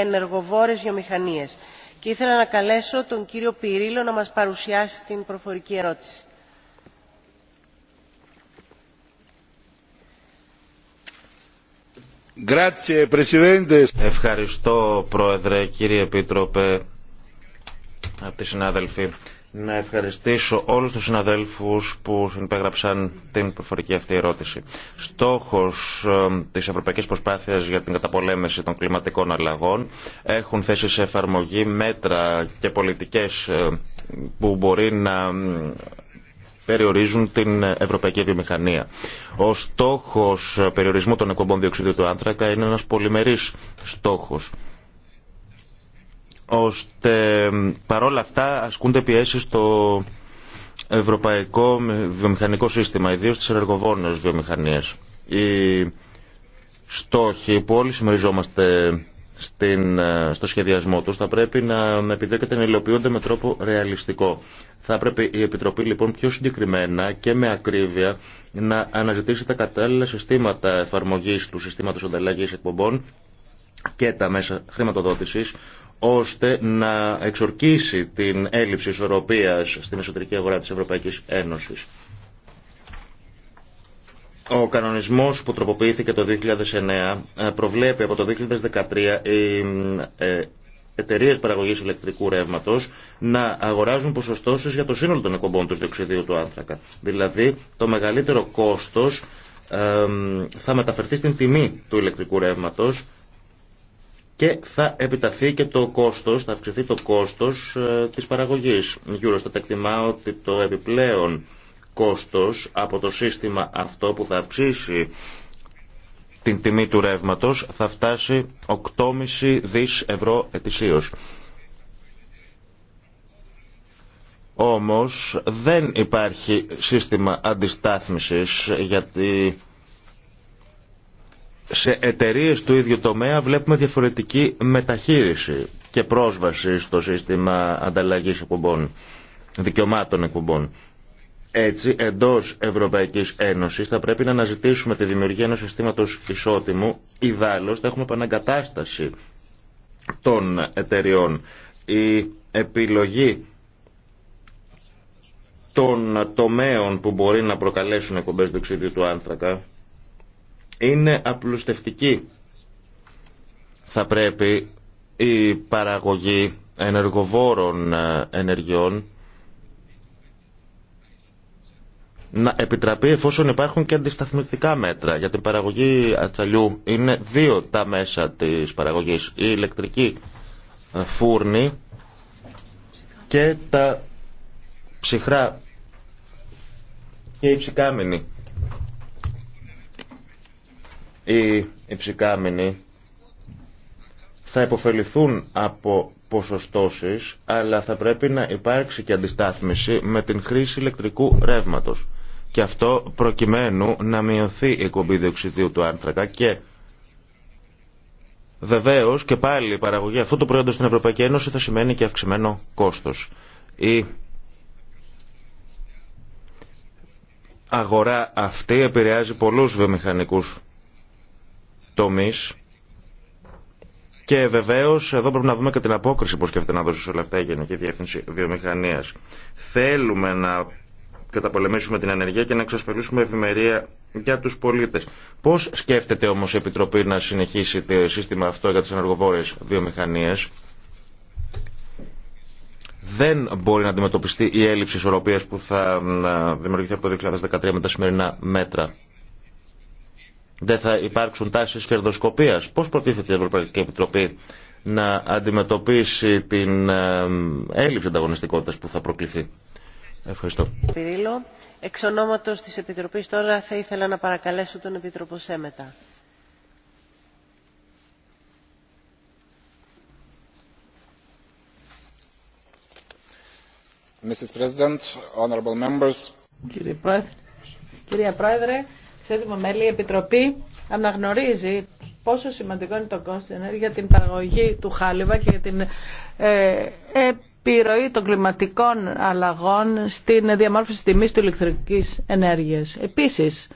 ενεργοβόρες βιομηχανίες. Και ήθελα να καλέσω τον κύριο Πυρίλο να μας παρουσιάσει την προφορική ερώτηση. Ευχαριστώ, Πρόεδρε, κύριε Επίτροπε, από τη συνάδελφη να ευχαριστήσω όλους τους συναδέλφους που συνυπέγραψαν την προφορική αυτή ερώτηση. Στόχος ε, της ευρωπαϊκής προσπάθειας για την καταπολέμηση των κλιματικών αλλαγών έχουν θέσει σε εφαρμογή μέτρα και πολιτικές ε, που μπορεί να περιορίζουν την ευρωπαϊκή βιομηχανία. Ο στόχος περιορισμού των εκπομπών διοξιδίου του άνθρακα είναι ένας πολυμερής στόχος ώστε παρόλα αυτά ασκούνται πιέσεις στο ευρωπαϊκό βιομηχανικό σύστημα, ιδίως στις ενεργοβόνες βιομηχανίες. Οι στόχοι που όλοι συμμεριζόμαστε στην, ε, στο σχεδιασμό τους θα πρέπει να, να επιδιώκεται να υλοποιούνται με τρόπο ρεαλιστικό. Θα πρέπει η Επιτροπή λοιπόν πιο συγκεκριμένα και με ακρίβεια να αναζητήσει τα κατάλληλα συστήματα εφαρμογής του συστήματος ανταλλαγής εκπομπών και τα μέσα χρηματοδότησης ώστε να εξορκίσει την έλλειψη ισορροπίας στην εσωτερική αγορά της Ευρωπαϊκής Ένωσης. Ο κανονισμός που τροποποιήθηκε το 2009 ε, προβλέπει από το 2013 οι ε, εταιρείε παραγωγής ηλεκτρικού ρεύματος να αγοράζουν ποσοστώσεις για το σύνολο των εκπομπών του διοξιδίου του άνθρακα. Δηλαδή το μεγαλύτερο κόστος ε, θα μεταφερθεί στην τιμή του ηλεκτρικού ρεύματος και θα επιταθεί και το κόστος, θα αυξηθεί το κόστος ε, της παραγωγής. Γύρω στα τεκτιμά ότι το επιπλέον κόστος από το σύστημα αυτό που θα αυξήσει την τιμή του ρεύματος θα φτάσει 8,5 δις ευρώ ετησίως. Όμως δεν υπάρχει σύστημα αντιστάθμισης γιατί σε εταιρείε του ίδιου τομέα βλέπουμε διαφορετική μεταχείριση και πρόσβαση στο σύστημα ανταλλαγής εκπομπών, δικαιωμάτων εκπομπών. Έτσι, εντό Ευρωπαϊκή Ένωση θα πρέπει να αναζητήσουμε τη δημιουργία ενό συστήματο ισότιμου. Ιδάλω, θα έχουμε επαναγκατάσταση των εταιριών. Η επιλογή των τομέων που μπορεί να προκαλέσουν εκπομπέ διοξιδίου του άνθρακα είναι απλουστευτική. Θα πρέπει η παραγωγή ενεργοβόρων ε, ενεργειών να επιτραπεί εφόσον υπάρχουν και αντισταθμιστικά μέτρα. Για την παραγωγή ατσαλιού είναι δύο τα μέσα της παραγωγής. Η ηλεκτρική ε, φούρνη και τα ψυχρά και η ψυκάμινη οι υψικάμενοι θα υποφεληθούν από ποσοστώσεις, αλλά θα πρέπει να υπάρξει και αντιστάθμιση με την χρήση ηλεκτρικού ρεύματος. Και αυτό προκειμένου να μειωθεί η κομπή διοξιδίου του άνθρακα και βεβαίω και πάλι η παραγωγή αυτού του προϊόντος στην Ευρωπαϊκή Ένωση θα σημαίνει και αυξημένο κόστος. Η αγορά αυτή επηρεάζει πολλούς βιομηχανικούς και βεβαίω εδώ πρέπει να δούμε και την απόκριση που σκέφτεται να δώσει σε όλα αυτά η Γενική Διεύθυνση Βιομηχανία. Θέλουμε να καταπολεμήσουμε την ανεργία και να εξασφαλίσουμε ευημερία για του πολίτε. Πώ σκέφτεται όμω η Επιτροπή να συνεχίσει το σύστημα αυτό για τι ενεργοβόρε βιομηχανίε. Δεν μπορεί να αντιμετωπιστεί η έλλειψη ισορροπίας που θα ε, δημιουργηθεί από το 2013 με τα σημερινά μέτρα δεν θα υπάρξουν τάσεις κερδοσκοπίας. Πώς προτίθεται η Ευρωπαϊκή Επιτροπή να αντιμετωπίσει την έλλειψη ανταγωνιστικότητας που θα προκληθεί. Ευχαριστώ. Πυρίλο, εξ ονόματος της Επιτροπής τώρα θα ήθελα να παρακαλέσω τον Επίτροπο Σέμετα. Mrs. President, honorable members. Κύριε Πρόεδρε, κυρία Πρόεδρε, Ξέρουμε μέλη, η Επιτροπή αναγνωρίζει πόσο σημαντικό είναι το κόστος για την παραγωγή του χάλιβα και για την ε, επιρροή των κλιματικών αλλαγών στην διαμόρφωση τιμής του ηλεκτρικής ενέργειας. Επίσης,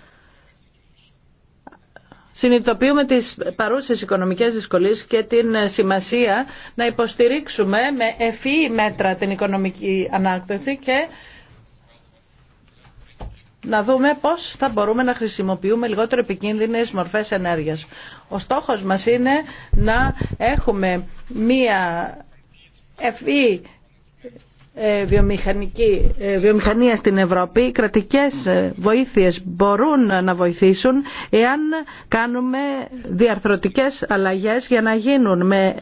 συνειδητοποιούμε τις παρούσες οικονομικές δυσκολίες και την σημασία να υποστηρίξουμε με ευφυή μέτρα την οικονομική ανάκτηση και να δούμε πώς θα μπορούμε να χρησιμοποιούμε λιγότερο επικίνδυνες μορφές ενέργειας. Ο στόχος μας είναι να έχουμε μία ευή ε, βιομηχανική, ε, βιομηχανία στην Ευρώπη, οι κρατικές ε, βοήθειες μπορούν να βοηθήσουν εάν κάνουμε διαρθρωτικές αλλαγές για να γίνουν με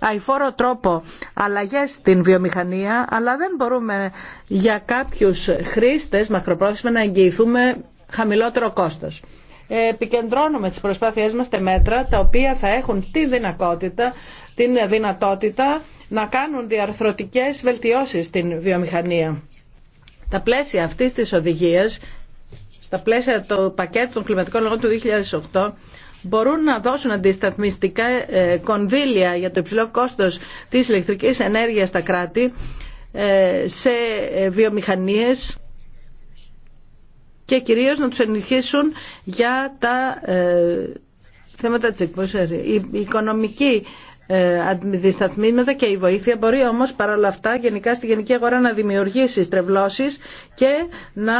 αηφόρο τρόπο αλλαγές στην βιομηχανία, αλλά δεν μπορούμε για κάποιους χρήστες μακροπρόθεσμα να εγγυηθούμε χαμηλότερο κόστος. Επικεντρώνουμε τις προσπάθειές μας σε μέτρα τα οποία θα έχουν τη δυνατότητα, την δυνατότητα να κάνουν διαρθρωτικές βελτιώσεις στην βιομηχανία. Τα πλαίσια αυτής της οδηγίας, στα πλαίσια του πακέτου των κλιματικών λόγων του 2008, μπορούν να δώσουν αντισταθμιστικά ε, κονδύλια για το υψηλό κόστος της ηλεκτρικής ενέργειας στα κράτη ε, σε ε, βιομηχανίες και κυρίως να τους ενισχύσουν για τα θέματα της Η οικονομική αντισταθμίνοντα και η βοήθεια μπορεί όμως παρόλα αυτά γενικά στη γενική αγορά να δημιουργήσει στρεβλώσεις και να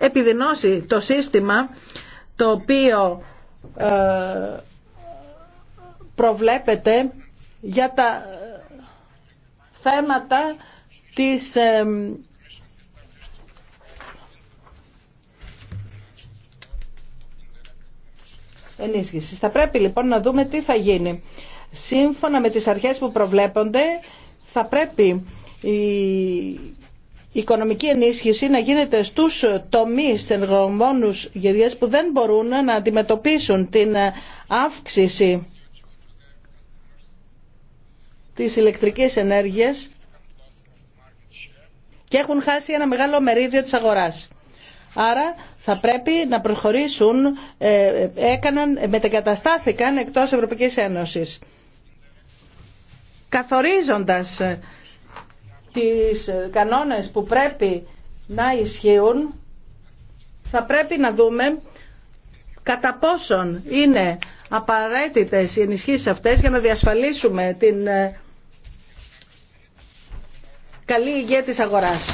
επιδεινώσει το σύστημα το οποίο ε, προβλέπεται για τα ε, θέματα της ε, ενίσχυσης. Θα πρέπει λοιπόν να δούμε τι θα γίνει. Σύμφωνα με τις αρχές που προβλέπονται θα πρέπει η η οικονομική ενίσχυση να γίνεται στους τομείς ενεργομόνους γερίες που δεν μπορούν να αντιμετωπίσουν την αύξηση της ηλεκτρικής ενέργειας και έχουν χάσει ένα μεγάλο μερίδιο της αγοράς. Άρα θα πρέπει να προχωρήσουν, ε, έκαναν, μετεγκαταστάθηκαν εκτός Ευρωπαϊκής Ένωσης. Καθορίζοντας τις ε, κανόνες που πρέπει να ισχύουν, θα πρέπει να δούμε κατά πόσον είναι απαραίτητες οι ενισχύσεις αυτές για να διασφαλίσουμε την ε, καλή υγεία της αγοράς.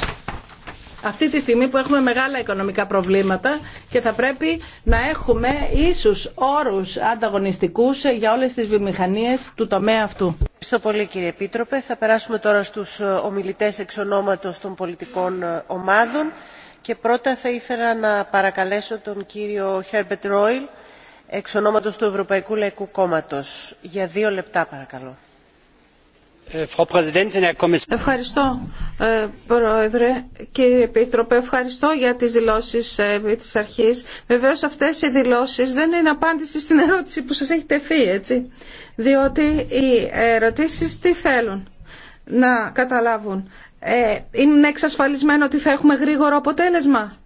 Αυτή τη στιγμή που έχουμε μεγάλα οικονομικά προβλήματα και θα πρέπει να έχουμε ίσους όρους ανταγωνιστικούς για όλες τις βιομηχανίες του τομέα αυτού. Ευχαριστώ πολύ κύριε Επίτροπε. Θα περάσουμε τώρα στους ε, ομιλητές εξ ονόματος των πολιτικών ε, ομάδων και πρώτα θα ήθελα να παρακαλέσω τον κύριο Χέρμπετ Ρόιλ εξ ονόματος του Ευρωπαϊκού Λαϊκού Κόμματος. Για δύο λεπτά παρακαλώ. Ε, Ευχαριστώ ε, πρόεδρε, κύριε Επίτροπε, ευχαριστώ για τις δηλώσεις ε, της αρχής. Βεβαίως αυτές οι δηλώσεις δεν είναι απάντηση στην ερώτηση που σας έχει τεθεί, έτσι. Διότι οι ερωτήσεις τι θέλουν να καταλάβουν. Ε, είναι εξασφαλισμένο ότι θα έχουμε γρήγορο αποτέλεσμα.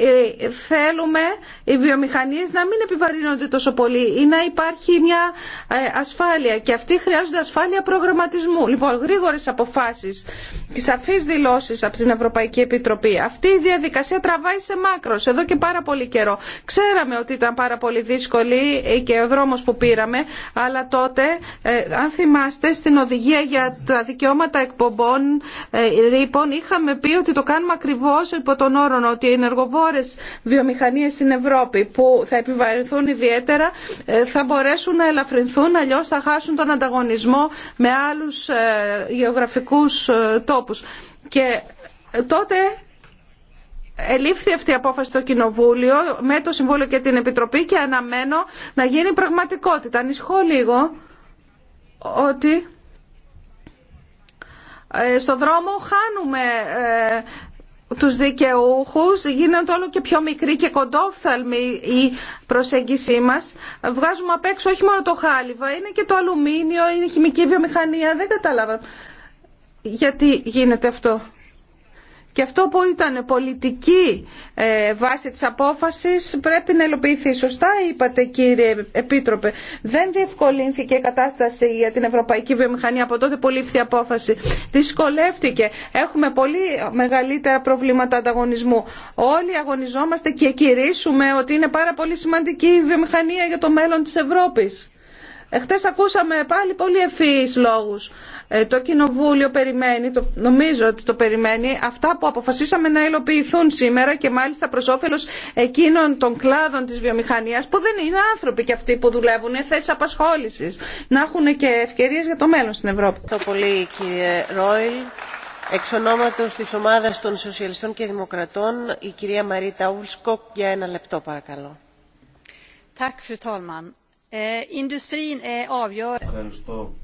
Ε, θέλουμε οι βιομηχανίες να μην επιβαρύνονται τόσο πολύ ή να υπάρχει μια ε, ασφάλεια και αυτοί χρειάζονται ασφάλεια προγραμματισμού. Λοιπόν, γρήγορες αποφάσεις και σαφείς δηλώσεις από την Ευρωπαϊκή Επιτροπή. Αυτή η διαδικασία τραβάει σε μάκρος εδώ και πάρα πολύ καιρό. Ξέραμε ότι ήταν πάρα πολύ δύσκολη και ο δρόμος που πήραμε, αλλά τότε, ε, αν θυμάστε, στην οδηγία για τα δικαιώματα εκπομπών ρήπων είχαμε πει ότι το κάνουμε ακριβώς υπό τον όρο ότι ενεργοβόρο χώρες βιομηχανίες στην Ευρώπη που θα επιβαρυνθούν ιδιαίτερα ε, θα μπορέσουν να ελαφρυνθούν αλλιώς θα χάσουν τον ανταγωνισμό με άλλους ε, γεωγραφικούς ε, τόπους. Και τότε ελήφθη αυτή η απόφαση στο Κοινοβούλιο με το Συμβούλιο και την Επιτροπή και αναμένω να γίνει πραγματικότητα. Ανησυχώ λίγο ότι στο δρόμο χάνουμε τους δικαιούχους γίνονται όλο και πιο μικροί και κοντόφθαλμοι η προσέγγιση μας. Βγάζουμε απ' έξω όχι μόνο το χάλιβα, είναι και το αλουμίνιο, είναι η χημική βιομηχανία, δεν καταλάβαμε γιατί γίνεται αυτό. Και αυτό που ήταν πολιτική ε, βάση της απόφασης πρέπει να ελοποιηθεί. Σωστά είπατε κύριε Επίτροπε. Δεν διευκολύνθηκε η κατάσταση για την ευρωπαϊκή βιομηχανία από τότε που λήφθη η απόφαση. Δυσκολεύτηκε. Έχουμε πολύ μεγαλύτερα προβλήματα ανταγωνισμού. Όλοι αγωνιζόμαστε και κηρύσουμε ότι είναι πάρα πολύ σημαντική η βιομηχανία για το μέλλον της Ευρώπης. Εχθές ακούσαμε πάλι πολύ ευφυείς λόγους ε, το Κοινοβούλιο περιμένει, το, νομίζω ότι το περιμένει, αυτά που αποφασίσαμε να υλοποιηθούν σήμερα και μάλιστα προ όφελο εκείνων των κλάδων τη βιομηχανία που δεν είναι άνθρωποι και αυτοί που δουλεύουν, είναι θέσει απασχόληση, να έχουν και ευκαιρίε για το μέλλον στην Ευρώπη. Ευχαριστώ πολύ κύριε Ρόιλ. Εξ τη ομάδα των Σοσιαλιστών και Δημοκρατών, η κυρία Μαρίτα Ούλσκοκ για ένα λεπτό παρακαλώ. Eh, Ευχαριστώ.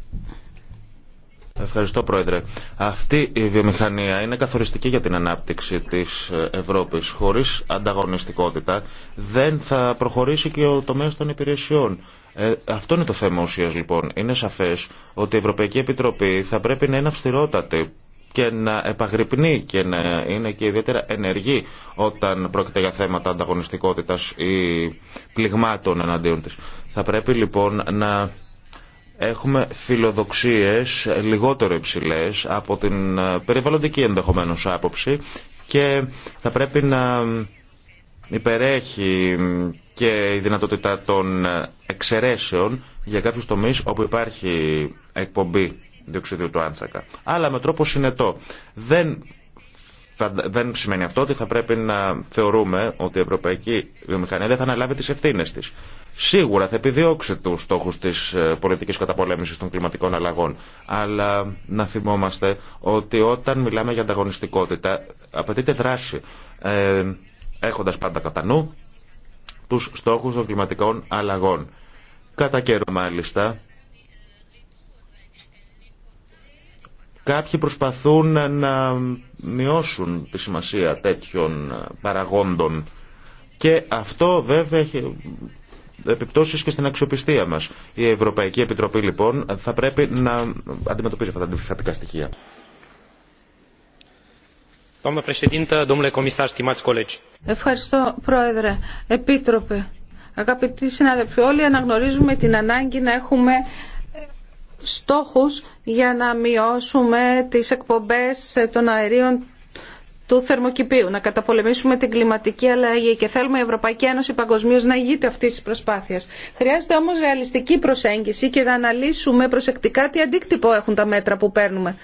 Ευχαριστώ, Πρόεδρε. Αυτή η βιομηχανία είναι καθοριστική για την ανάπτυξη τη Ευρώπη. Χωρί ανταγωνιστικότητα δεν θα προχωρήσει και ο τομέα των υπηρεσιών. Ε, αυτό είναι το θέμα ουσία, λοιπόν. Είναι σαφέ ότι η Ευρωπαϊκή Επιτροπή θα πρέπει να είναι αυστηρότατη και να επαγρυπνεί και να είναι και ιδιαίτερα ενεργή όταν πρόκειται για θέματα ανταγωνιστικότητας ή πληγμάτων εναντίον της. Θα πρέπει λοιπόν να Έχουμε φιλοδοξίες λιγότερο υψηλές από την ε, περιβαλλοντική ενδεχομένως άποψη και θα πρέπει να υπερέχει και η δυνατότητα των εξαιρέσεων για κάποιους τομείς όπου υπάρχει εκπομπή διοξιδίου του άνθρακα. Αλλά με τρόπο συνετό. Δεν δεν σημαίνει αυτό ότι θα πρέπει να θεωρούμε ότι η ευρωπαϊκή βιομηχανία δεν θα αναλάβει τι ευθύνε τη. Σίγουρα θα επιδιώξει του στόχου τη ε, πολιτική καταπολέμηση των κλιματικών αλλαγών. Αλλά να θυμόμαστε ότι όταν μιλάμε για ανταγωνιστικότητα, απαιτείται δράση. Ε, έχοντας πάντα κατά νου τους στόχους των κλιματικών αλλαγών. Κατά καιρό μάλιστα Κάποιοι προσπαθούν να μειώσουν τη σημασία τέτοιων παραγόντων και αυτό βέβαια έχει επιπτώσεις και στην αξιοπιστία μας. Η Ευρωπαϊκή Επιτροπή λοιπόν θα πρέπει να αντιμετωπίζει αυτά τα αντιφατικά στοιχεία. Ευχαριστώ Πρόεδρε, Επίτροπε. Αγαπητοί συνάδελφοι, όλοι αναγνωρίζουμε την ανάγκη να έχουμε στόχους για να μειώσουμε τις εκπομπές των αερίων του θερμοκηπίου, να καταπολεμήσουμε την κλιματική αλλαγή και θέλουμε η Ευρωπαϊκή Ένωση παγκοσμίω να ηγείται αυτή τη προσπάθεια. Χρειάζεται όμω ρεαλιστική προσέγγιση και να αναλύσουμε προσεκτικά τι αντίκτυπο έχουν τα μέτρα που παίρνουμε.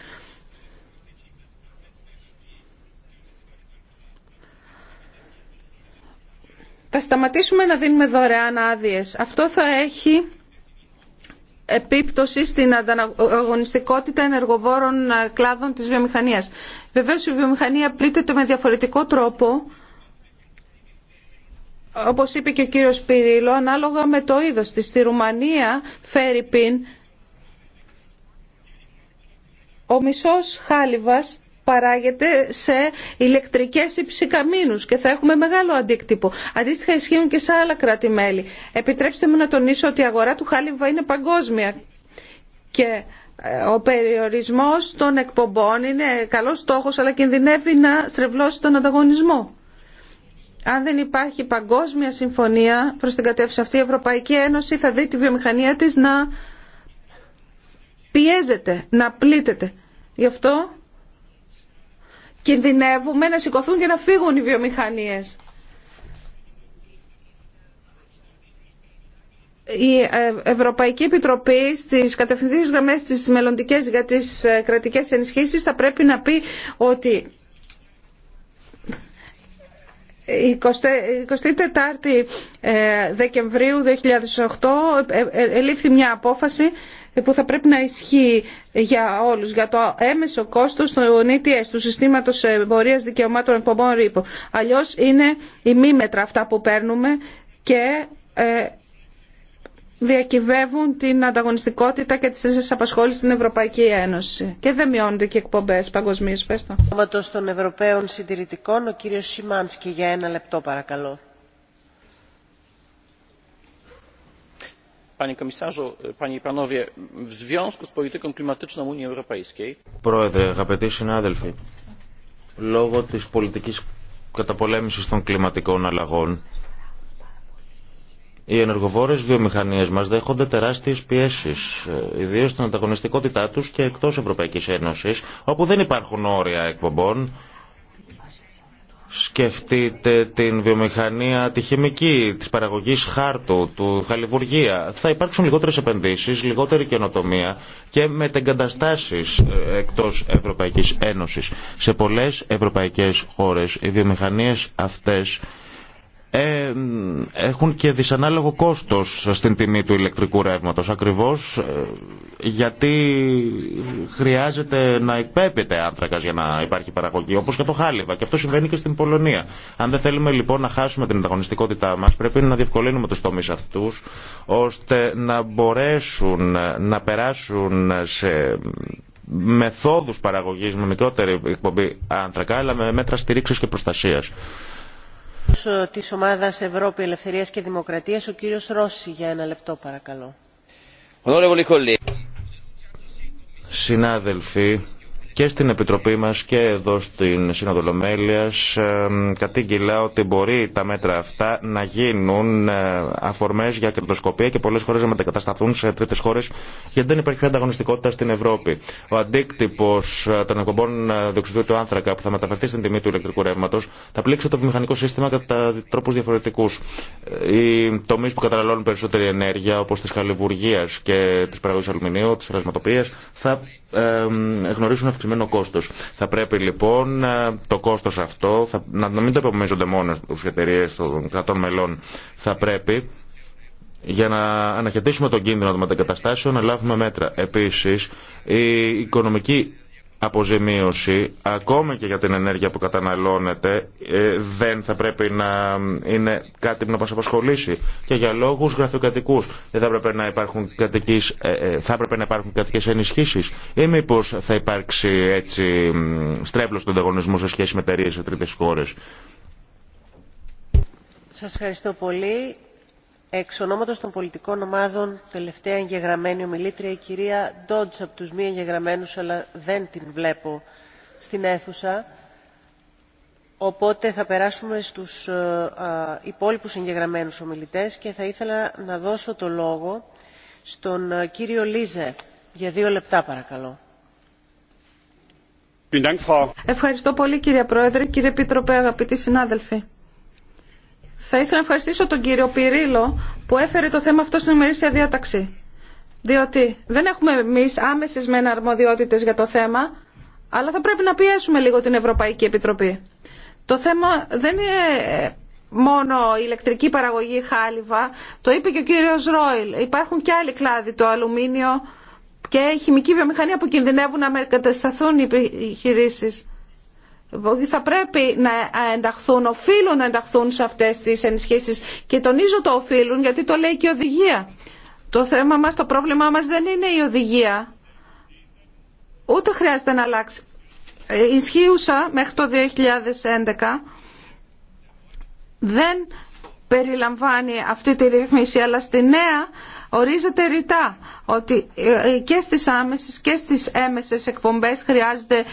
Θα σταματήσουμε να δίνουμε δωρεάν άδειε. Αυτό θα έχει επίπτωση στην ανταγωνιστικότητα ενεργοβόρων ε, κλάδων της βιομηχανίας. Βεβαίως η βιομηχανία πλήττεται με διαφορετικό τρόπο, όπως είπε και ο κύριος Πυρίλο, ανάλογα με το είδος της. Στη Ρουμανία, Φέρυπιν, ο μισός χάλιβας παράγεται σε ηλεκτρικές υψηκαμίνου και θα έχουμε μεγάλο αντίκτυπο. Αντίστοιχα ισχύουν και σε άλλα κράτη-μέλη. Επιτρέψτε μου να τονίσω ότι η αγορά του χάλιβα είναι παγκόσμια και ε, ο περιορισμός των εκπομπών είναι καλός στόχος αλλά κινδυνεύει να στρεβλώσει τον ανταγωνισμό. Αν δεν υπάρχει παγκόσμια συμφωνία προς την κατεύθυνση αυτή, η Ευρωπαϊκή Ένωση θα δει τη βιομηχανία της να πιέζεται, να πλήττεται. Γι' αυτό κινδυνεύουμε να σηκωθούν και να φύγουν οι βιομηχανίες. η ε, Ευρωπαϊκή Επιτροπή στις κατευθυντήριες γραμμές της μελλοντικέ για τις ε, κρατικές ενισχύσεις θα πρέπει να πει ότι 24 ε, Δεκεμβρίου 2008 ελήφθη μια απόφαση που θα πρέπει να ισχύει για όλους, για το έμεσο κόστος του ETS, του Συστήματος Εμπορίας Δικαιωμάτων Εκπομπών Ρήπων. Αλλιώς είναι η μη μέτρα αυτά που παίρνουμε και ε, διακυβεύουν την ανταγωνιστικότητα και τις θέσεις απασχόλησης στην Ευρωπαϊκή Ένωση. Και δεν μειώνονται και εκπομπές παγκοσμίως. Ευχαριστώ. των Ευρωπαίων Συντηρητικών, ο κύριος Σιμάνσκι για ένα λεπτό παρακαλώ. Panie komisarzu, Πρόεδρε, αγαπητοί συνάδελφοι, λόγω της πολιτικής καταπολέμησης των κλιματικών αλλαγών, οι ενεργοβόρες βιομηχανίες μας δέχονται τεράστιες πιέσεις, ε, ιδίως στην ανταγωνιστικότητά τους και εκτός Ευρωπαϊκής Ένωσης, όπου δεν υπάρχουν όρια εκπομπών, σκεφτείτε την βιομηχανία, τη χημική, της παραγωγής χάρτου, του χαλιβουργία. Θα υπάρξουν λιγότερες επενδύσεις, λιγότερη καινοτομία και μετεγκαταστάσεις ε, εκτός Ευρωπαϊκής Ένωσης. Σε πολλές ευρωπαϊκές χώρες οι βιομηχανίες αυτές ε, έχουν και δυσανάλογο κόστος στην τιμή του ηλεκτρικού ρεύματος ακριβώς ε, γιατί χρειάζεται να εκπέπεται άνθρακας για να υπάρχει παραγωγή όπως και το χάλιβα και αυτό συμβαίνει και στην Πολωνία. Αν δεν θέλουμε λοιπόν να χάσουμε την ανταγωνιστικότητά μας πρέπει να διευκολύνουμε τους τομείς αυτούς ώστε να μπορέσουν να περάσουν σε μεθόδους παραγωγής με μικρότερη εκπομπή άνθρακα αλλά με μέτρα στηρίξης και προστασίας. Ε, της ομάδας Ευρώπη Ελευθερίας και Δημοκρατίας, ο κύριος Ρώση, για ένα λεπτό παρακαλώ. Συνάδελφοι, και στην Επιτροπή μας και εδώ στην Σύνοδο Λομέλειας κατήγγυλα ότι μπορεί τα μέτρα αυτά να γίνουν ε, αφορμές για κερδοσκοπία και πολλέ χώρε να μετακατασταθούν σε τρίτες χώρες γιατί δεν υπάρχει ανταγωνιστικότητα στην Ευρώπη. Ο αντίκτυπο ε, των εκπομπών ε, διοξιδίου του άνθρακα που θα μεταφερθεί στην τιμή του ηλεκτρικού ρεύματος θα πλήξει το μηχανικό σύστημα κατά τρόπου διαφορετικούς. Οι τομεί που καταναλώνουν περισσότερη ενέργεια όπως τη χαλιβουργίας και της παραγωγή αλουμινίου, της ερασματοπίας θα γνωρίσουν αυξημένο κόστο. Θα πρέπει λοιπόν ε, το κόστο αυτό να, μην το επομίζονται μόνο του εταιρείε των κρατών μελών. Θα πρέπει για να αναχαιτήσουμε τον κίνδυνο των μετακαταστάσεων να λάβουμε μέτρα. Επίση, η οικονομική αποζημίωση, ακόμη και για την ενέργεια που καταναλώνεται, ε, δεν θα πρέπει να είναι κάτι που να μας απασχολήσει. Και για λόγους γραφειοκρατικούς δεν θα έπρεπε να υπάρχουν κατοικίες ε, ε, θα έπρεπε να υπάρχουν ενισχύσεις ή μήπω θα υπάρξει έτσι στρέβλος του ανταγωνισμού σε σχέση με εταιρείε σε τρίτες χώρες. Σας ευχαριστώ πολύ. Εξ ονόματος των πολιτικών ομάδων, τελευταία εγγεγραμμένη ομιλήτρια, η κυρία Ντότζ από τους μη εγγεγραμμένους, αλλά δεν την βλέπω στην αίθουσα. Οπότε θα περάσουμε στους ε, υπόλοιπους εγγεγραμμένους ομιλητές και θα ήθελα να δώσω το λόγο στον ε, κύριο Λίζε. Για δύο λεπτά παρακαλώ. Ευχαριστώ πολύ κύριε Πρόεδρε, κύριε Επίτροπε, αγαπητοί συνάδελφοι. Θα ήθελα να ευχαριστήσω τον κύριο Πυρίλο που έφερε το θέμα αυτό στην ημερήσια διάταξη. Διότι δεν έχουμε εμεί άμεσε μεν αρμοδιότητε για το θέμα, αλλά θα πρέπει να πιέσουμε λίγο την Ευρωπαϊκή Επιτροπή. Το θέμα δεν είναι μόνο η ηλεκτρική παραγωγή χάλιβα. Το είπε και ο κύριος Ρόιλ. Υπάρχουν και άλλοι κλάδοι, το αλουμίνιο και η χημική βιομηχανία που κινδυνεύουν να μετασταθούν οι επιχειρήσει θα πρέπει να ενταχθούν, οφείλουν να ενταχθούν σε αυτές τις ενισχύσεις και τονίζω το οφείλουν γιατί το λέει και η οδηγία. Το θέμα μας, το πρόβλημά μας δεν είναι η οδηγία. Ούτε χρειάζεται να αλλάξει. Ε, ισχύουσα μέχρι το 2011 δεν περιλαμβάνει αυτή τη ρυθμίση, αλλά στη νέα ορίζεται ρητά ότι ε, ε, και στις άμεσες και στις έμεσες εκπομπές χρειάζεται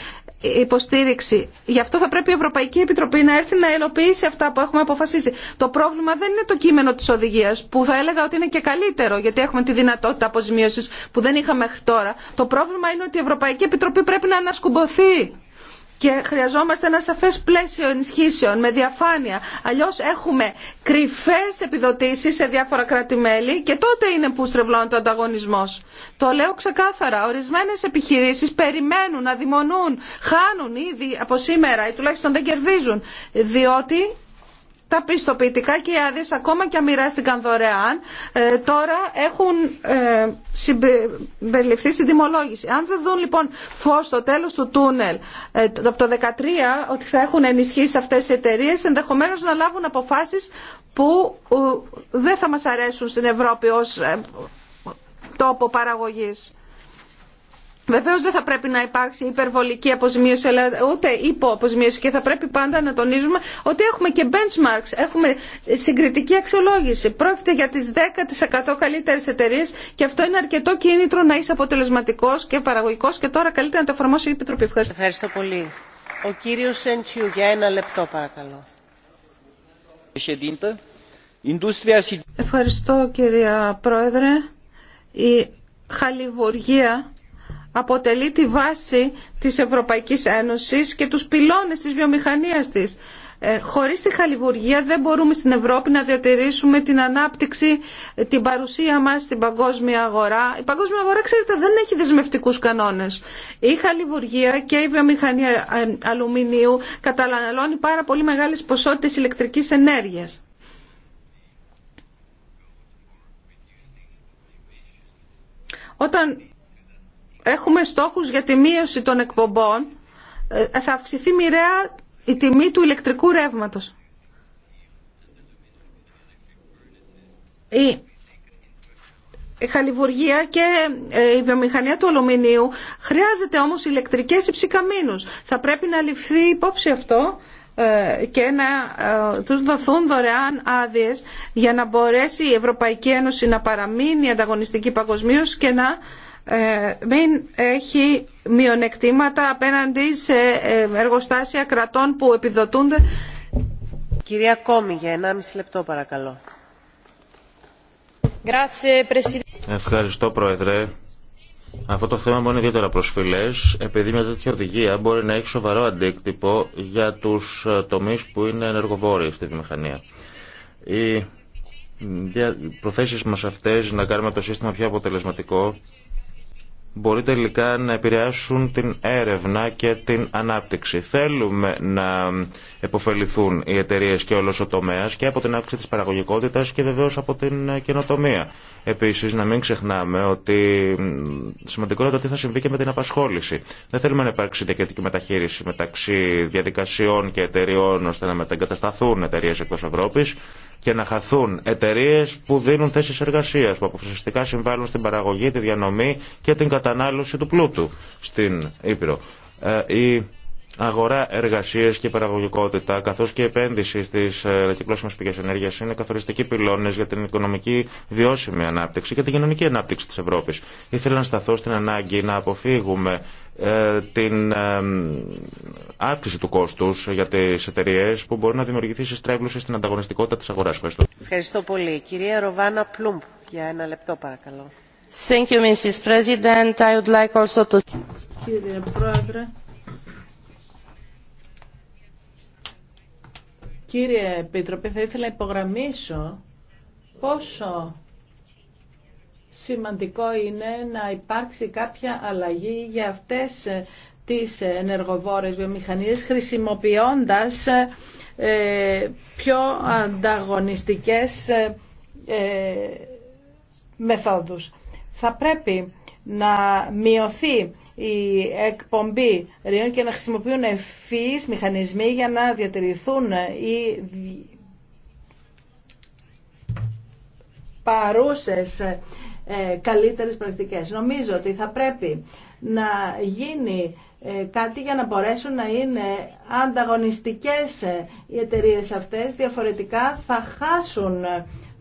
υποστήριξη. Γι' αυτό θα πρέπει η Ευρωπαϊκή Επιτροπή να έρθει να ελοποιήσει αυτά που έχουμε αποφασίσει. Το πρόβλημα δεν είναι το κείμενο τη οδηγία, που θα έλεγα ότι είναι και καλύτερο γιατί έχουμε τη δυνατότητα αποζημίωση που δεν είχαμε μέχρι τώρα. Το πρόβλημα είναι ότι η Ευρωπαϊκή Επιτροπή πρέπει να ανασκουμποθεί και χρειαζόμαστε ένα σαφές πλαίσιο ενισχύσεων με διαφάνεια. Αλλιώς έχουμε κρυφές επιδοτήσεις σε διάφορα κράτη-μέλη και τότε είναι που στρεβλώνεται ο ανταγωνισμός. Το λέω ξεκάθαρα. Ορισμένες επιχειρήσεις περιμένουν, δημονούν, χάνουν ήδη από σήμερα ή τουλάχιστον δεν κερδίζουν διότι τα πιστοποιητικά και οι άδειες ακόμα και αν μοιράστηκαν δωρεάν ε, τώρα έχουν ε, συμπεριληφθεί στην τιμολόγηση. Αν δεν δουν λοιπόν φως στο τέλος του τούνελ ε, από το 2013 ότι θα έχουν ενισχύσει αυτές οι εταιρείε, ενδεχομένως να λάβουν αποφάσεις που δεν θα μας αρέσουν στην Ευρώπη ως τόπο παραγωγής. Βεβαίω δεν θα πρέπει να υπάρξει υπερβολική αποζημίωση, αλλά ούτε υποαποζημίωση και θα πρέπει πάντα να τονίζουμε ότι έχουμε και benchmarks, έχουμε συγκριτική αξιολόγηση. Πρόκειται για τι 10% καλύτερε εταιρείε και αυτό είναι αρκετό κίνητρο να είσαι αποτελεσματικό και παραγωγικό, και τώρα καλύτερα να το εφαρμόσει η Επιτροπή. Ευχαριστώ. Ευχαριστώ πολύ. Ο κύριος Σεντσιου για ένα λεπτό παρακαλώ. Ευχαριστώ κυρία Πρόεδρε. Η χαλιβουργία αποτελεί τη βάση της Ευρωπαϊκής Ένωσης και τους πυλώνες της βιομηχανίας της. Ε, χωρίς τη χαλιβουργία δεν μπορούμε στην Ευρώπη να διατηρήσουμε την ανάπτυξη, την παρουσία μας στην παγκόσμια αγορά. Η παγκόσμια αγορά, ξέρετε, δεν έχει δεσμευτικούς κανόνες. Η χαλιβουργία και η βιομηχανία ε, αλουμινίου καταναλώνει πάρα πολύ μεγάλες ποσότητες ηλεκτρικής ενέργειας. Όταν έχουμε στόχους για τη μείωση των εκπομπών, ε, θα αυξηθεί μοιραία η τιμή του ηλεκτρικού ρεύματος. Η χαλιβουργία και ε, η βιομηχανία του αλουμινίου χρειάζεται όμως ηλεκτρικές υψηκαμίνους. Θα πρέπει να ληφθεί υπόψη αυτό ε, και να τους δοθούν δωρεάν άδειες για να μπορέσει η Ευρωπαϊκή Ένωση να παραμείνει ανταγωνιστική παγκοσμίω και να ε, μην έχει μειονεκτήματα απέναντι σε ε, εργοστάσια κρατών που επιδοτούνται. Κυρία Κόμη, για λεπτό παρακαλώ. Ευχαριστώ Πρόεδρε. Αυτό το θέμα μου είναι ιδιαίτερα προσφυλέ, επειδή μια τέτοια οδηγία μπορεί να έχει σοβαρό αντίκτυπο για του ε, τομεί που είναι ενεργοβόροι στη βιομηχανία. Οι προθέσει μα αυτέ να κάνουμε το σύστημα πιο αποτελεσματικό μπορεί τελικά να επηρεάσουν την έρευνα και την ανάπτυξη. Θέλουμε να επωφεληθούν οι εταιρείε και όλο ο τομέα και από την αύξηση τη παραγωγικότητα και βεβαίω από την ε, καινοτομία. Επίση, να μην ξεχνάμε ότι σημαντικό είναι το τι θα συμβεί και με την απασχόληση. Δεν θέλουμε να υπάρξει διακριτική μεταχείριση μεταξύ διαδικασιών και εταιρεών ώστε να μεταγκατασταθούν εταιρείε εκτό Ευρώπη και να χαθούν εταιρείε που δίνουν θέσει εργασία, που αποφασιστικά συμβάλλουν στην παραγωγή, τη διανομή και την κατανάλωση του πλούτου στην Ήπειρο. Ε, η αγορά εργασία και παραγωγικότητα, καθώ και επένδυση στι ε, ανακυκλώσιμε πηγέ ενέργεια, είναι καθοριστικοί πυλώνε για την οικονομική βιώσιμη ανάπτυξη και την κοινωνική ανάπτυξη τη Ευρώπη. Ήθελα να σταθώ στην ανάγκη να αποφύγουμε ε, την αύξηση του κόστου για τι εταιρείε που μπορεί να δημιουργηθεί στρέβλωση στην ανταγωνιστικότητα τη αγορά. Ευχαριστώ. Ευχαριστώ πολύ. Κυρία Ροβάνα Πλούμπ, για ένα λεπτό παρακαλώ. Κύριε Επίτροπε, θα ήθελα να υπογραμμίσω πόσο σημαντικό είναι να υπάρξει κάποια αλλαγή για αυτές τις ενεργοβόρες βιομηχανίες χρησιμοποιώντας ε, πιο ανταγωνιστικές ε, ε, μεθόδους θα πρέπει να μειωθεί η εκπομπή ρίων και να χρησιμοποιούν ευφύς μηχανισμοί για να διατηρηθούν οι παρούσες ε, καλύτερες πρακτικές. Νομίζω ότι θα πρέπει να γίνει ε, κάτι για να μπορέσουν να είναι ανταγωνιστικές οι εταιρείες αυτές, διαφορετικά θα χάσουν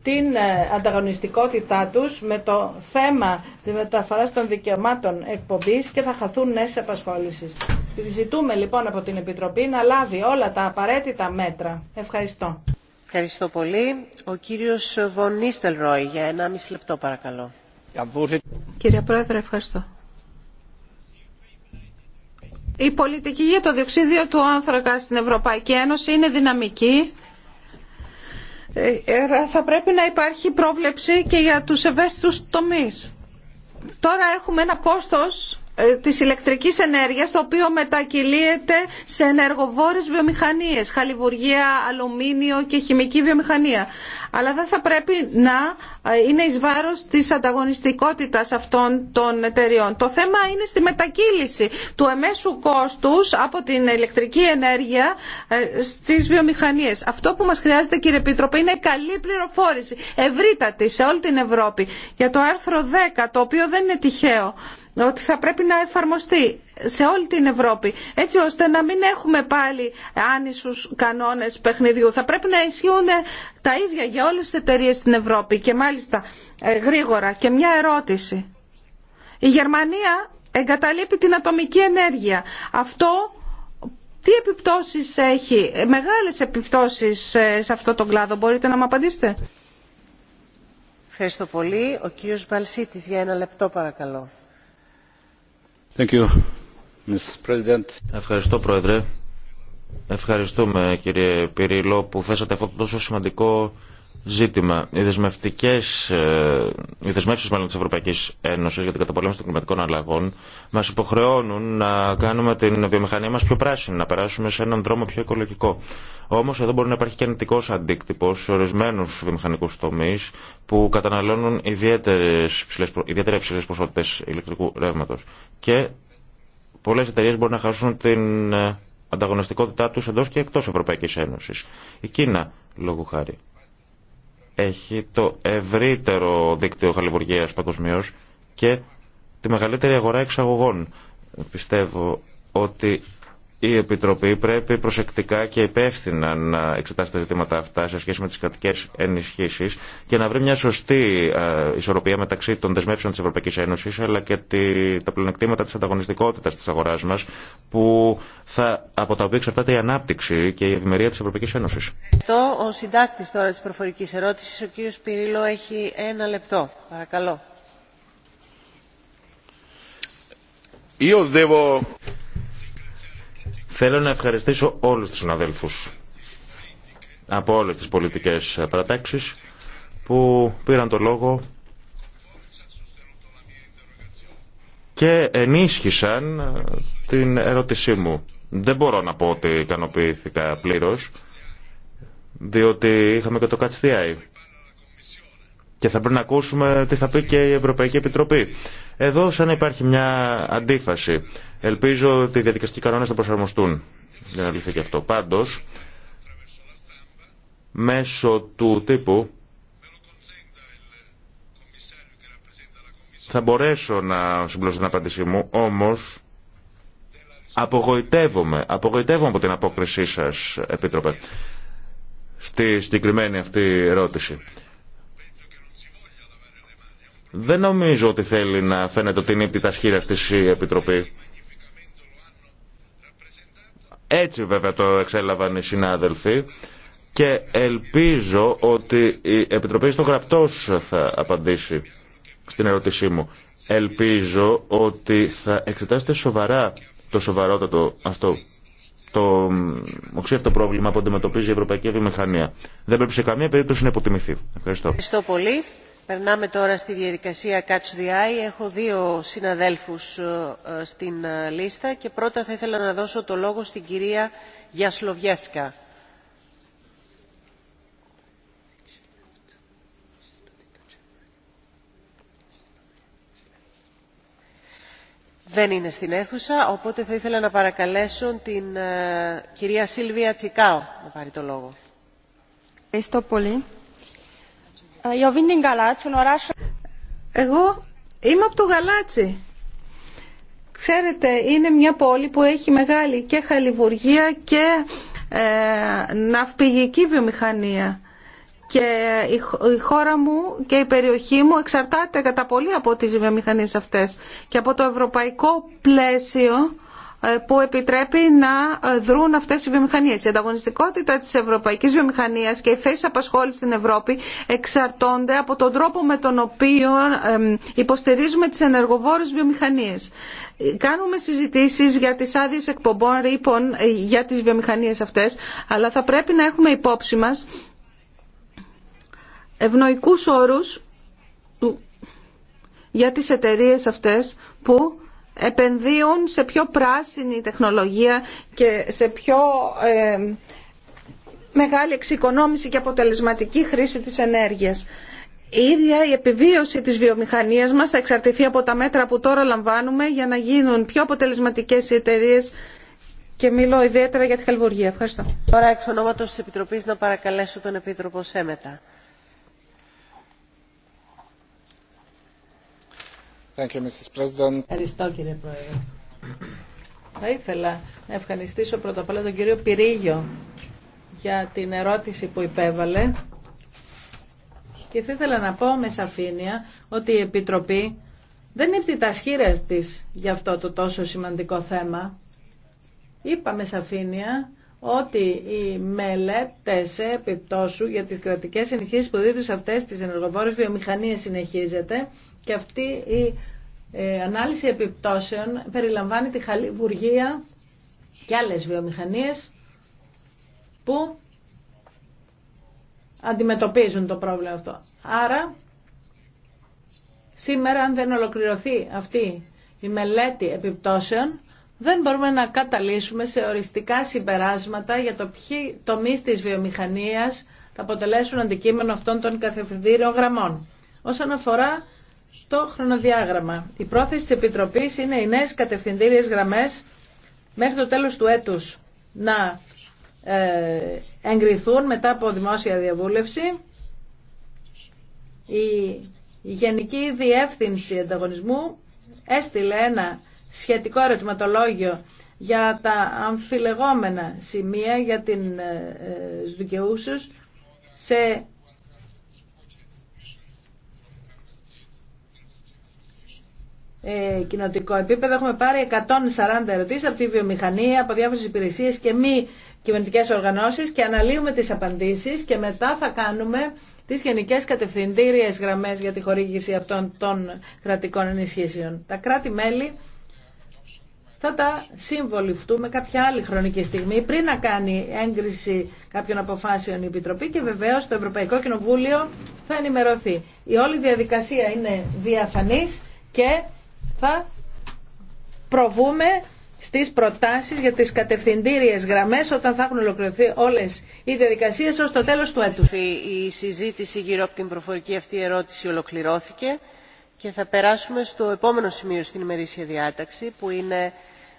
την ε, ανταγωνιστικότητά τους με το θέμα της μεταφοράς των δικαιωμάτων εκπομπής και θα χαθούν νέες επασχόλησεις. Ζητούμε λοιπόν από την Επιτροπή να λάβει όλα τα απαραίτητα μέτρα. Ευχαριστώ. Ευχαριστώ πολύ. Ο κύριος Βον Ρόι, για 1,5 λεπτό παρακαλώ. Κύριε Πρόεδρε, ευχαριστώ. Η πολιτική για το διοξίδιο του άνθρακα στην Ευρωπαϊκή Ένωση είναι δυναμική ε, ε, θα πρέπει να υπάρχει πρόβλεψη και για τους ευαίσθητους τομείς. Τώρα έχουμε ένα κόστος ε, της ηλεκτρικής ενέργειας το οποίο μετακυλίεται σε ενεργοβόρες βιομηχανίες, χαλιβουργία, αλουμίνιο και χημική βιομηχανία. Αλλά δεν θα πρέπει να ε, είναι εις βάρος της ανταγωνιστικότητας αυτών των εταιριών. Το θέμα είναι στη μετακύληση του εμέσου κόστους από την ηλεκτρική ενέργεια ε, στις βιομηχανίες. Αυτό που μας χρειάζεται κύριε Επίτροπε είναι καλή πληροφόρηση, ευρύτατη σε όλη την Ευρώπη για το άρθρο 10 το οποίο δεν είναι τυχαίο ότι θα πρέπει να εφαρμοστεί σε όλη την Ευρώπη, έτσι ώστε να μην έχουμε πάλι άνισους κανόνες παιχνιδιού. Θα πρέπει να ισχύουν τα ίδια για όλες τις εταιρείες στην Ευρώπη και μάλιστα ε, γρήγορα. Και μια ερώτηση. Η Γερμανία εγκαταλείπει την ατομική ενέργεια. Αυτό τι επιπτώσεις έχει, ε, μεγάλες επιπτώσεις ε, σε αυτό τον κλάδο. Μπορείτε να μου απαντήσετε. Ευχαριστώ πολύ. Ο κύριος Μπαλσίτης για ένα λεπτό παρακαλώ. Ευχαριστώ, Πρόεδρε. Ευχαριστούμε, κύριε Πυρίλο, που θέσατε αυτό το τόσο σημαντικό ζήτημα. Οι δεσμευτικέ, ε, οι δεσμεύσει μάλλον τη Ευρωπαϊκή Ένωση για την καταπολέμηση των κλιματικών αλλαγών μα υποχρεώνουν να κάνουμε την βιομηχανία μα πιο πράσινη, να περάσουμε σε έναν δρόμο πιο οικολογικό. Όμω εδώ μπορεί να υπάρχει και αρνητικό αντίκτυπο σε ορισμένου βιομηχανικού τομεί που καταναλώνουν ιδιαίτερε υψηλέ ποσότητε ηλεκτρικού ρεύματο. Και πολλέ εταιρείε μπορεί να χάσουν την ε, ανταγωνιστικότητά του εντό και εκτό Ευρωπαϊκή Ένωση. Η Κίνα, λόγω χάρη έχει το ευρύτερο δίκτυο χαλιβουργία παγκοσμίω και τη μεγαλύτερη αγορά εξαγωγών. Πιστεύω ότι η Επιτροπή πρέπει προσεκτικά και υπεύθυνα να εξετάσει τα ζητήματα αυτά σε σχέση με τι κρατικέ ενισχύσει και να βρει μια σωστή ε, ισορροπία μεταξύ των δεσμεύσεων τη Ευρωπαϊκή Ένωση αλλά και τα πλεονεκτήματα τη ανταγωνιστικότητα τη αγορά μα από τα οποία εξαρτάται η ανάπτυξη και η ευημερία τη Ευρωπαϊκή Ένωση. Ο τώρα τη προφορική ερώτηση, ο έχει λεπτό. Παρακαλώ. Θέλω να ευχαριστήσω όλους τους συναδέλφους από όλες τις πολιτικές παρατάξεις που πήραν το λόγο και ενίσχυσαν την ερώτησή μου. Δεν μπορώ να πω ότι ικανοποιήθηκα πλήρως, διότι είχαμε και το ΚΑΤΣΤΙΑΙ. Και θα πρέπει να ακούσουμε τι θα πει και η Ευρωπαϊκή Επιτροπή. Εδώ σαν να υπάρχει μια αντίφαση. Ελπίζω ότι οι διαδικαστικοί κανόνε θα προσαρμοστούν για να λυθεί και αυτό. Πάντω, μέσω του τύπου θα μπορέσω να συμπλώσω την απάντησή μου, όμως απογοητεύομαι, απογοητεύομαι από την απόκρισή σα Επίτροπε, στη συγκεκριμένη αυτή ερώτηση. Δεν νομίζω ότι θέλει να φαίνεται ότι είναι υπτητας χείρας στη η Επιτροπή. Έτσι βέβαια το εξέλαβαν οι συνάδελφοι και ελπίζω ότι η Επιτροπή στο γραπτός θα απαντήσει στην ερώτησή μου. Ελπίζω ότι θα εξετάσετε σοβαρά το σοβαρότατο αυτό το οξύ πρόβλημα που αντιμετωπίζει η Ευρωπαϊκή Βιομηχανία. Δεν πρέπει σε καμία περίπτωση να υποτιμηθεί. Ευχαριστώ. Ευχαριστώ πολύ. Περνάμε τώρα στη διαδικασία Catch the Eye. Έχω δύο συναδέλφους ε, ε, στην ε, λίστα και πρώτα θα ήθελα να δώσω το λόγο στην κυρία Γιασλοβιέσκα. Δεν είναι στην αίθουσα, οπότε θα ήθελα να παρακαλέσω την κυρία Σίλβια Τσικάο να πάρει το λόγο. Ευχαριστώ πολύ. Ε, Εγώ είμαι από το Γαλάτσι. Ξέρετε, είναι μια πόλη που έχει μεγάλη και χαλιβουργία και ε, ναυπηγική βιομηχανία. Και η χώρα μου και η περιοχή μου εξαρτάται κατά πολύ από τις βιομηχανίες αυτές και από το ευρωπαϊκό πλαίσιο ε, που επιτρέπει να ε, δρούν αυτέ οι βιομηχανίε. Η ανταγωνιστικότητα της ευρωπαϊκής βιομηχανίας και οι θέσεις απασχόλησης στην Ευρώπη εξαρτώνται από τον τρόπο με τον οποίο υποστηρίζουμε τις ενεργοβόρε βιομηχανίες. Κάνουμε συζητήσεις για τι άδειε εκπομπών ρήπων ε, για τι βιομηχανίε αυτέ, αλλά θα πρέπει να έχουμε υπόψη μα ευνοϊκούς όρους για τις εταιρείες αυτές που επενδύουν σε πιο πράσινη τεχνολογία και σε πιο ε, μεγάλη εξοικονόμηση και αποτελεσματική χρήση της ενέργειας. Η ίδια η επιβίωση της βιομηχανίας μας θα εξαρτηθεί από τα μέτρα που τώρα λαμβάνουμε για να γίνουν πιο αποτελεσματικές οι εταιρείε και μιλώ ιδιαίτερα για τη Χαλβουργία. Ευχαριστώ. Τώρα εξ ονόματος της Επιτροπής να παρακαλέσω τον Επίτροπο Σέμετα Thank Ευχαριστώ κύριε Πρόεδρε. Θα ήθελα να ευχαριστήσω πρώτα απ' όλα τον κύριο Πυρίγιο για την ερώτηση που υπέβαλε και θα ήθελα να πω με σαφήνεια ότι η Επιτροπή δεν είναι τα σχήρες της για αυτό το τόσο σημαντικό θέμα. Είπα με σαφήνεια ότι οι σε επιπτώσου για τις κρατικέ συνεχίσεις που δίδουν σε αυτές τις ενεργοβόρες βιομηχανίες συνεχίζεται και αυτή η ε, ανάλυση επιπτώσεων περιλαμβάνει τη χαλιβουργία και άλλες βιομηχανίες που αντιμετωπίζουν το πρόβλημα αυτό. Άρα, σήμερα αν δεν ολοκληρωθεί αυτή η μελέτη επιπτώσεων, δεν μπορούμε να καταλύσουμε σε οριστικά συμπεράσματα για το ποιοι τομείς της βιομηχανίας θα αποτελέσουν αντικείμενο αυτών των καθευθυντήριων γραμμών. Όσον αφορά το χρονοδιάγραμμα, η πρόθεση της Επιτροπής είναι οι νέες κατευθυντήριες γραμμές μέχρι το τέλος του έτους να ε, εγκριθούν μετά από δημόσια διαβούλευση. Η Γενική Διεύθυνση Ανταγωνισμού έστειλε ένα σχετικό ερωτηματολόγιο για τα αμφιλεγόμενα σημεία για την ε, ε, δικαιούσους σε ε, κοινοτικό επίπεδο. Έχουμε πάρει 140 ερωτήσεις από τη βιομηχανία, από διάφορες υπηρεσίες και μη κυβερνητικές οργανώσεις και αναλύουμε τις απαντήσεις και μετά θα κάνουμε τις γενικές κατευθυντήριες γραμμές για τη χορήγηση αυτών των κρατικών ενισχύσεων. Τα κράτη-μέλη θα τα συμβοληφτούμε κάποια άλλη χρονική στιγμή πριν να κάνει έγκριση κάποιων αποφάσεων η Επιτροπή και βεβαίως το Ευρωπαϊκό Κοινοβούλιο θα ενημερωθεί. Η όλη διαδικασία είναι διαφανής και θα προβούμε στις προτάσεις για τις κατευθυντήριες γραμμές όταν θα έχουν ολοκληρωθεί όλες οι διαδικασίες ως το τέλος του έτου. Η συζήτηση γύρω από την προφορική αυτή ερώτηση ολοκληρώθηκε και θα περάσουμε στο επόμενο σημείο στην ημερήσια διάταξη που είναι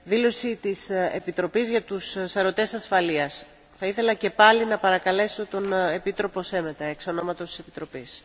δήλωση της ε, Επιτροπής για τους ε, Σαρωτές Ασφαλείας. Θα ήθελα και πάλι να παρακαλέσω τον ε, Επίτροπο Σέμετα, εξ ονόματος της Επιτροπής.